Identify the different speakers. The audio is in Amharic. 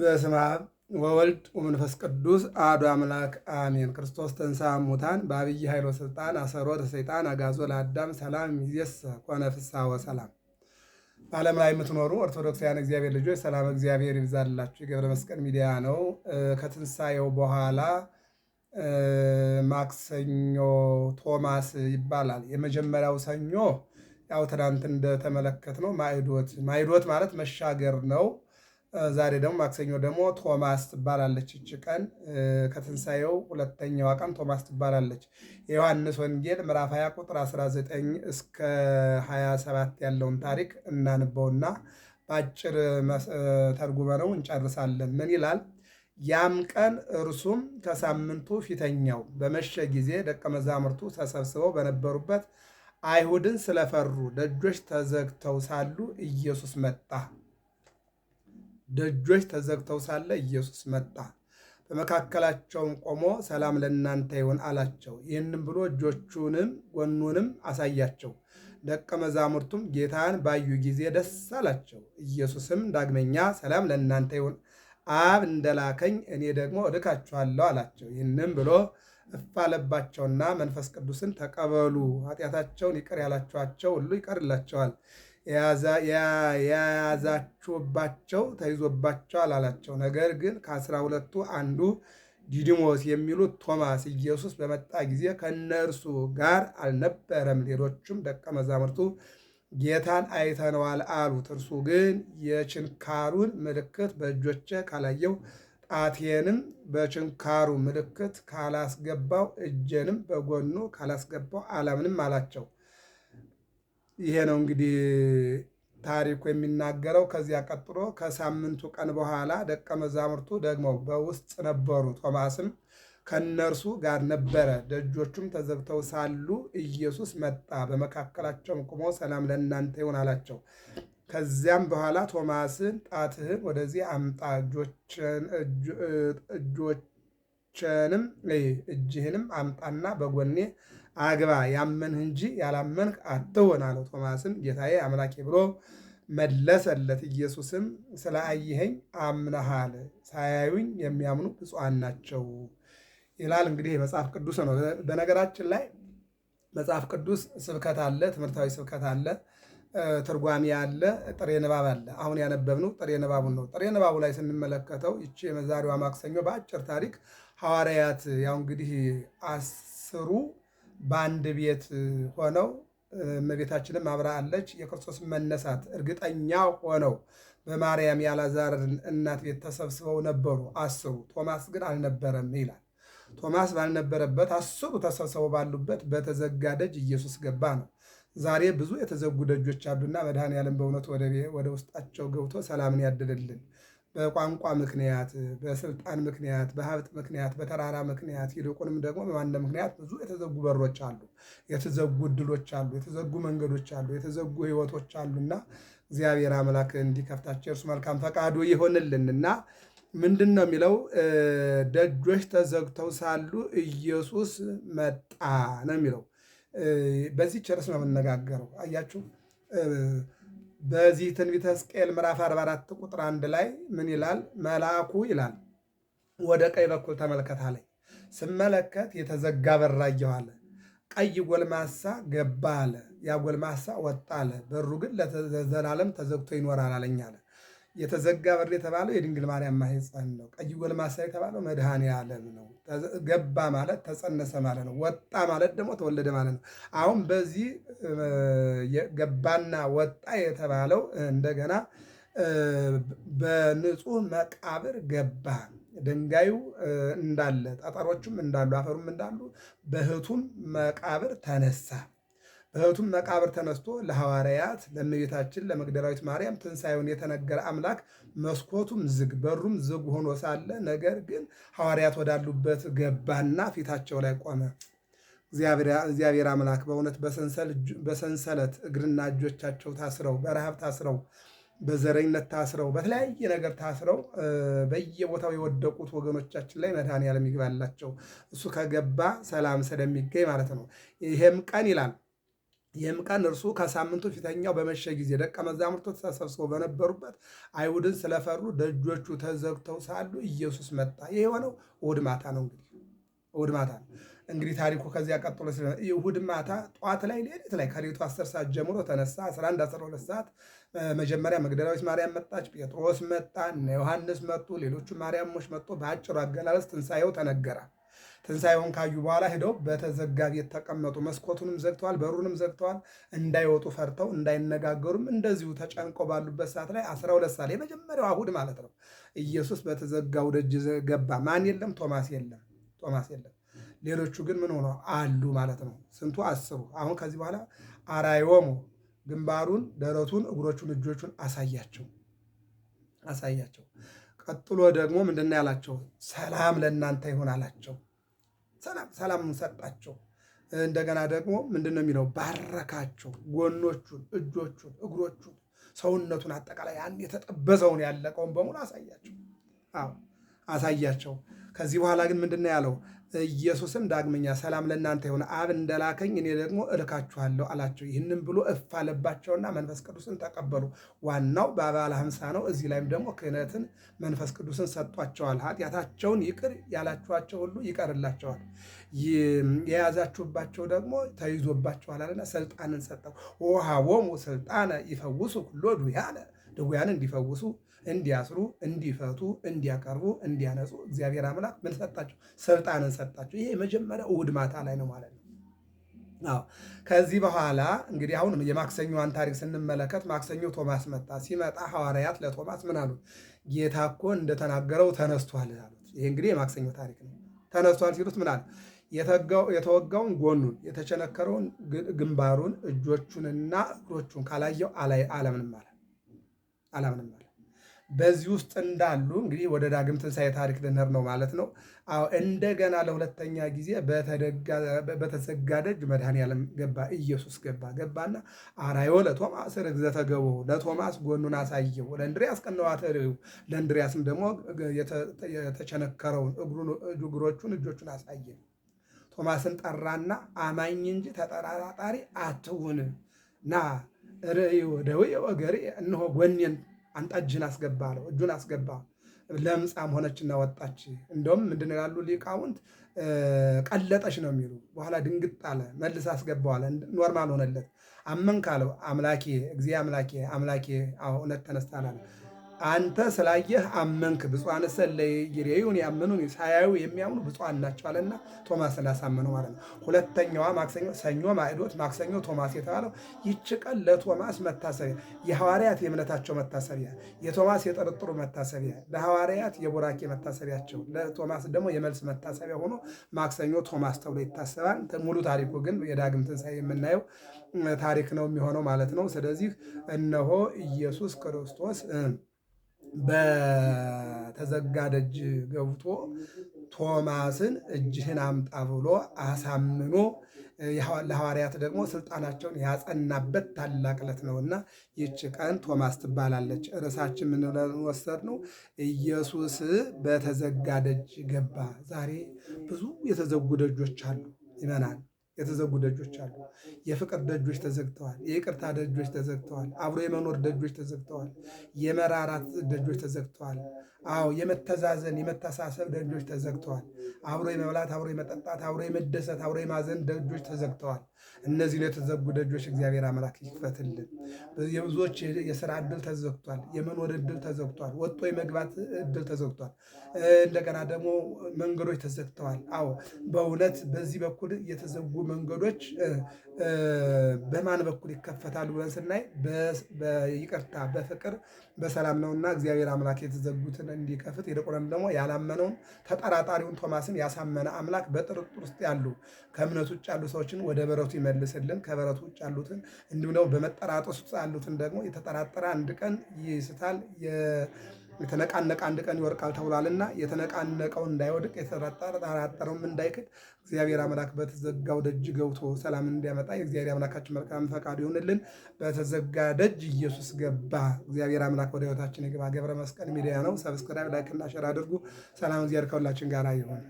Speaker 1: በስመ አብ ወወልድ ወመንፈስ ቅዱስ አሐዱ አምላክ አሜን። ክርስቶስ ተንሥአ እሙታን በዐቢይ ኃይል ወሥልጣን አሰሮ ለሰይጣን አግዓዞ ለአዳም ሰላም እምይእዜሰ ኮነ ፍስሐ ወሰላም። በዓለም ላይ የምትኖሩ ኦርቶዶክሳውያን እግዚአብሔር ልጆች ሰላም እግዚአብሔር ይብዛላችሁ። የገብረ መስቀል ሚዲያ ነው። ከትንሣኤው በኋላ ማክሰኞ ቶማስ ይባላል። የመጀመሪያው ሰኞ ያው ትናንት እንደተመለከት ነው ማይዶት ማይዶት ማለት መሻገር ነው። ዛሬ ደግሞ ማክሰኞ ደግሞ ቶማስ ትባላለች። እች ቀን ከትንሣኤው ሁለተኛዋ ቀን ቶማስ ትባላለች። የዮሐንስ ወንጌል ምዕራፍ 20 ቁጥር 19 እስከ 27 ያለውን ታሪክ እናንበውና በአጭር ተርጉመ ነው እንጨርሳለን። ምን ይላል? ያም ቀን እርሱም ከሳምንቱ ፊተኛው በመሸ ጊዜ ደቀ መዛሙርቱ ተሰብስበው በነበሩበት አይሁድን ስለፈሩ ደጆች ተዘግተው ሳሉ ኢየሱስ መጣ ደጆች ተዘግተው ሳለ ኢየሱስ መጣ፣ በመካከላቸውም ቆሞ ሰላም ለእናንተ ይሁን አላቸው። ይህንም ብሎ እጆቹንም ጎኑንም አሳያቸው። ደቀ መዛሙርቱም ጌታን ባዩ ጊዜ ደስ አላቸው። ኢየሱስም ዳግመኛ ሰላም ለእናንተ ይሁን፣ አብ እንደላከኝ እኔ ደግሞ እልካችኋለሁ አላቸው። ይህንም ብሎ እፋለባቸውና መንፈስ ቅዱስን ተቀበሉ፣ ኃጢአታቸውን ይቅር ያላችኋቸው ሁሉ ይቀርላቸዋል የያዛችሁባቸው ተይዞባቸዋል አላቸው። ነገር ግን ከአስራ ሁለቱ አንዱ ዲዲሞስ የሚሉት ቶማስ ኢየሱስ በመጣ ጊዜ ከእነርሱ ጋር አልነበረም። ሌሎቹም ደቀ መዛሙርቱ ጌታን አይተነዋል አሉት። እርሱ ግን የችንካሩን ምልክት በእጆቼ ካላየው ጣቴንም በችንካሩ ምልክት ካላስገባው እጄንም በጎኑ ካላስገባው አላምንም አላቸው። ይሄ ነው እንግዲህ ታሪኩ የሚናገረው። ከዚያ ቀጥሎ ከሳምንቱ ቀን በኋላ ደቀ መዛሙርቱ ደግሞ በውስጥ ነበሩ፣ ቶማስም ከነርሱ ጋር ነበረ። ደጆቹም ተዘግተው ሳሉ ኢየሱስ መጣ፣ በመካከላቸውም ቁሞ ሰላም ለእናንተ ይሁን አላቸው። ከዚያም በኋላ ቶማስን ጣትህን ወደዚህ አምጣ እጆችንም እጅህንም አምጣና በጎኔ አግባ ያመንህ እንጂ ያላመንህ አትሆን አለው። ቶማስም ጌታዬ አምላኬ ብሎ መለሰለት። ኢየሱስም ስለ አየኸኝ አምነሃል፣ ሳያዩኝ የሚያምኑ ብፁዓን ናቸው ይላል። እንግዲህ መጽሐፍ ቅዱስ ነው። በነገራችን ላይ መጽሐፍ ቅዱስ ስብከት አለ፣ ትምህርታዊ ስብከት አለ፣ ትርጓሚ አለ፣ ጥሬ ንባብ አለ። አሁን ያነበብነው ጥሬ ንባቡን ነው። ጥሬ ንባቡ ላይ ስንመለከተው ይቺ የመዛሪዋ ማክሰኞ በአጭር ታሪክ ሐዋርያት ያው እንግዲህ አስሩ በአንድ ቤት ሆነው እመቤታችንም አብራ አለች። የክርስቶስ መነሳት እርግጠኛ ሆነው በማርያም ያላዛር እናት ቤት ተሰብስበው ነበሩ አስሩ። ቶማስ ግን አልነበረም ይላል። ቶማስ ባልነበረበት አስሩ ተሰብስበው ባሉበት በተዘጋ ደጅ ኢየሱስ ገባ ነው። ዛሬ ብዙ የተዘጉ ደጆች አሉና መድኃኔ በእውነት ወደ ውስጣቸው ገብቶ ሰላምን ያድልልን። በቋንቋ ምክንያት፣ በስልጣን ምክንያት፣ በሀብት ምክንያት፣ በተራራ ምክንያት ይልቁንም ደግሞ በማንነት ምክንያት ብዙ የተዘጉ በሮች አሉ፣ የተዘጉ እድሎች አሉ፣ የተዘጉ መንገዶች አሉ፣ የተዘጉ ህይወቶች አሉና እግዚአብሔር አምላክ እንዲከፍታቸው እርሱ መልካም ፈቃዱ ይሆንልንና ምንድን ነው የሚለው? ደጆች ተዘግተው ሳሉ ኢየሱስ መጣ ነው የሚለው። በዚህ ቸርስ ነው የምነጋገረው። አያችሁ በዚህ ትንቢተ ሕዝቅኤል ምዕራፍ 44 ቁጥር አንድ ላይ ምን ይላል? መልአኩ ይላል ወደ ቀኝ በኩል ተመልከት አለኝ። ስመለከት የተዘጋ በር አየሁ አለ። ቀይ ጎልማሳ ገባ አለ። ያ ጎልማሳ ወጣ አለ። በሩ ግን ለዘላለም ተዘግቶ ይኖራል አለኝ አለ የተዘጋ በር የተባለው የድንግል ማርያም ማህፀን ነው። ቀይ ጎልማሳ የተባለው መድኃኔ ዓለም ነው። ገባ ማለት ተጸነሰ ማለት ነው። ወጣ ማለት ደግሞ ተወለደ ማለት ነው። አሁን በዚህ ገባና ወጣ የተባለው እንደገና በንጹህ መቃብር ገባ ድንጋዩ እንዳለ ጠጠሮቹም እንዳሉ አፈሩም እንዳሉ በሕቱም መቃብር ተነሳ። በእህቱም መቃብር ተነስቶ ለሐዋርያት ለእመቤታችን ለመግደላዊት ማርያም ትንሣኤውን የተነገረ አምላክ መስኮቱም ዝግ በሩም ዝግ ሆኖ ሳለ ነገር ግን ሐዋርያት ወዳሉበት ገባና ፊታቸው ላይ ቆመ። እግዚአብሔር አምላክ በእውነት በሰንሰለት እግርና እጆቻቸው ታስረው በረሃብ ታስረው በዘረኝነት ታስረው በተለያየ ነገር ታስረው በየቦታው የወደቁት ወገኖቻችን ላይ መድኃኔዓለም ይግባላቸው። እሱ ከገባ ሰላም ስለሚገኝ ማለት ነው። ይሄም ቀን ይላል ይህም ቀን እርሱ ከሳምንቱ ፊተኛው በመሸ ጊዜ ደቀ መዛሙርቱ ተሰብስበው በነበሩበት አይሁድን ስለፈሩ ደጆቹ ተዘግተው ሳሉ ኢየሱስ መጣ። ይህ የሆነው እሑድ ማታ ነው። እንግዲህ እሑድ ማታ ነው። እንግዲህ ታሪኩ ከዚያ ቀጥሎ ስለ እሑድ ማታ ጠዋት ላይ ሌሊት ላይ ከሌቱ አስር ሰዓት ጀምሮ ተነሳ። አስራ ሁለት ሰዓት መጀመሪያ መግደላዊት ማርያም መጣች፣ ጴጥሮስ መጣ፣ እነ ዮሐንስ መጡ፣ ሌሎቹ ማርያሞች መጡ። በአጭሩ አገላለጽ ትንሣኤው ተነገራል። ትንሣኤውን ካዩ በኋላ ሄደው በተዘጋ ቤት ተቀመጡ። መስኮቱንም ዘግተዋል፣ በሩንም ዘግተዋል። እንዳይወጡ ፈርተው እንዳይነጋገሩም እንደዚሁ ተጨንቀው ባሉበት ሰዓት ላይ አስራ ሁለት ሰዓት የመጀመሪያው አሁድ ማለት ነው ኢየሱስ በተዘጋው ደጅ ገባ። ማን የለም? ቶማስ የለም። ቶማስ የለም። ሌሎቹ ግን ምን ሆነው አሉ ማለት ነው። ስንቱ አስቡ። አሁን ከዚህ በኋላ አራዮሙ ግንባሩን፣ ደረቱን፣ እግሮቹን፣ እጆቹን አሳያቸው አሳያቸው። ቀጥሎ ደግሞ ምንድን ያላቸው? ሰላም ለእናንተ ይሆን አላቸው። ሰላም ሰላም ሰጣቸው። እንደገና ደግሞ ምንድን ነው የሚለው? ባረካቸው ጎኖቹን፣ እጆቹን፣ እግሮቹን፣ ሰውነቱን አጠቃላይ ያን የተጠበሰውን ያለቀውን በሙሉ አሳያቸው አዎ አሳያቸው። ከዚህ በኋላ ግን ምንድን ነው ያለው? ኢየሱስም ዳግመኛ ሰላም ለእናንተ የሆነ አብ እንደላከኝ እኔ ደግሞ እልካችኋለሁ አላቸው። ይህንም ብሎ እፍ አለባቸውና መንፈስ ቅዱስን ተቀበሉ። ዋናው በአባለ ሐምሳ ነው። እዚህ ላይም ደግሞ ክህነትን መንፈስ ቅዱስን ሰጥቷቸዋል። ኃጢአታቸውን ይቅር ያላችኋቸው ሁሉ ይቀርላቸዋል፣ የያዛችሁባቸው ደግሞ ተይዞባቸዋል አለና ስልጣንን ሰጠው። ወሀቦሙ ስልጣነ ይፈውሱ ኩሎ ዱያነ ድውያን እንዲፈውሱ፣ እንዲያስሩ፣ እንዲፈቱ፣ እንዲያቀርቡ፣ እንዲያነጹ እግዚአብሔር አምላክ ምን ሰጣቸው? ስልጣንን ሰጣቸው። ይሄ የመጀመሪያ እሑድ ማታ ላይ ነው ማለት ነው። ከዚህ በኋላ እንግዲህ አሁን የማክሰኞዋን ታሪክ ስንመለከት ማክሰኞ ቶማስ መጣ። ሲመጣ ሐዋርያት ለቶማስ ምን አሉት? ጌታ እኮ እንደተናገረው ተነስቷል አሉት። ይሄ እንግዲህ የማክሰኞ ታሪክ ነው። ተነስቷል ሲሉት ምን አለ? የተወጋውን ጎኑን፣ የተቸነከረውን ግንባሩን፣ እጆቹንና እግሮቹን ካላየው አለምንም አለ አላምንም አለ። በዚህ ውስጥ እንዳሉ እንግዲህ ወደ ዳግም ትንሣኤ ታሪክ ልንሄድ ነው ማለት ነው። አዎ እንደገና ለሁለተኛ ጊዜ በተዘጋ ደጅ መድኃኔዓለም ገባ፣ ኢየሱስ ገባ። ገባና አራዮ ለቶማስ ርግዘ ተገቦ ለቶማስ ጎኑን አሳየው፣ ለእንድሪያስ ቀነዋተ እግሩ፣ ለእንድሪያስም ደግሞ የተቸነከረውን እግሮቹን እጆቹን አሳየ። ቶማስን ጠራና አማኝ እንጂ ተጠራጣሪ አትሁን ና ደዌ ደውየ ወገርየ፣ እነሆ ጎኔን አንጣ እጅን አስገባ አለው። እጁን አስገባ፣ ለምጻም ሆነችና ወጣች። እንደውም ምንድን ይላሉ ሊቃውንት ቀለጠች ነው የሚሉ። በኋላ ድንግጥ አለ፣ መልስ አስገባው አለ፣ ኖርማል ሆነለት። አመንክ አለው አምላኬ፣ እግዚአ አምላኬ፣ አምላኬ እውነት ተነስታል አንተ ስላየህ አመንክ። ብፁዓን ሰለ ይሬዩን ያምኑን ሳያዩ የሚያምኑ ብፁዓን ናቸው አለና ቶማስን ማለት ነው። ሁለተኛዋ ማክሰኞ ሰኞ ማዕዶት ማክሰኞ ቶማስ የተባለው ይች ቀን ለቶማስ መታሰቢያ የሐዋርያት የእምነታቸው መታሰቢያ፣ የቶማስ የጥርጥሩ መታሰቢያ፣ ለሐዋርያት የቡራኬ መታሰቢያቸው፣ ለቶማስ ደግሞ የመልስ መታሰቢያ ሆኖ ማክሰኞ ቶማስ ተብሎ ይታሰባል። ሙሉ ታሪኩ ግን የዳግም ትንሣኤ የምናየው ታሪክ ነው የሚሆነው ማለት ነው። ስለዚህ እነሆ ኢየሱስ ክርስቶስ በተዘጋ ደጅ ገብቶ ቶማስን እጅህን አምጣ ብሎ አሳምኖ ለሐዋርያት ደግሞ ስልጣናቸውን ያጸናበት ታላቅ ዕለት ነውና ይች ቀን ቶማስ ትባላለች። ርዕሳችን ምን ወሰድ ነው? ኢየሱስ በተዘጋ ደጅ ገባ። ዛሬ ብዙ የተዘጉ ደጆች አሉ ይመናል የተዘጉ ደጆች አሉ። የፍቅር ደጆች ተዘግተዋል። የይቅርታ ደጆች ተዘግተዋል። አብሮ የመኖር ደጆች ተዘግተዋል። የመራራት ደጆች ተዘግተዋል። አዎ የመተዛዘን የመተሳሰብ ደጆች ተዘግተዋል። አብሮ የመብላት አብሮ የመጠጣት አብሮ የመደሰት አብሮ የማዘን ደጆች ተዘግተዋል። እነዚህ የተዘጉ ደጆች እግዚአብሔር አምላክ ይክፈትልን። የብዙዎች የስራ እድል ተዘግቷል። የመኖር እድል ተዘግቷል። ወጥቶ የመግባት እድል ተዘግቷል። እንደገና ደግሞ መንገዶች ተዘግተዋል። አዎ በእውነት በዚህ በኩል የተዘጉ መንገዶች በማን በኩል ይከፈታሉ ብለን ስናይ በይቅርታ በፍቅር በሰላም ነውና እግዚአብሔር አምላክ የተዘጉትን እንዲከፍት ይልቁንም ደግሞ ያላመነውን ተጠራጣሪውን ቶማስን ያሳመነ አምላክ በጥርጥር ውስጥ ያሉ ከእምነት ውጭ ያሉ ሰዎችን ወደ በረቱ ይመልስልን። ከበረቱ ውጭ ያሉትን እንዲሁም ደግሞ በመጠራጠስ ውስጥ ያሉትን ደግሞ የተጠራጠረ አንድ ቀን ይስታል። የተነቃነቀ አንድ ቀን ይወድቃል ተብሏልና የተነቃነቀው እንዳይወድቅ የተጠራጠረውም እንዳይክድ እግዚአብሔር አምላክ በተዘጋው ደጅ ገብቶ ሰላም እንዲያመጣ የእግዚአብሔር አምላካችን መልካም ፈቃዱ ይሁንልን። በተዘጋ ደጅ ኢየሱስ ገባ። እግዚአብሔር አምላክ ወደ ሕይወታችን ይግባ። ገብረ መስቀል ሚዲያ ነው። ሰብስክራይብ፣ ላይክና ሸር አድርጉ። ሰላም እግዚአብሔር ከሁላችን ጋር ይሁን።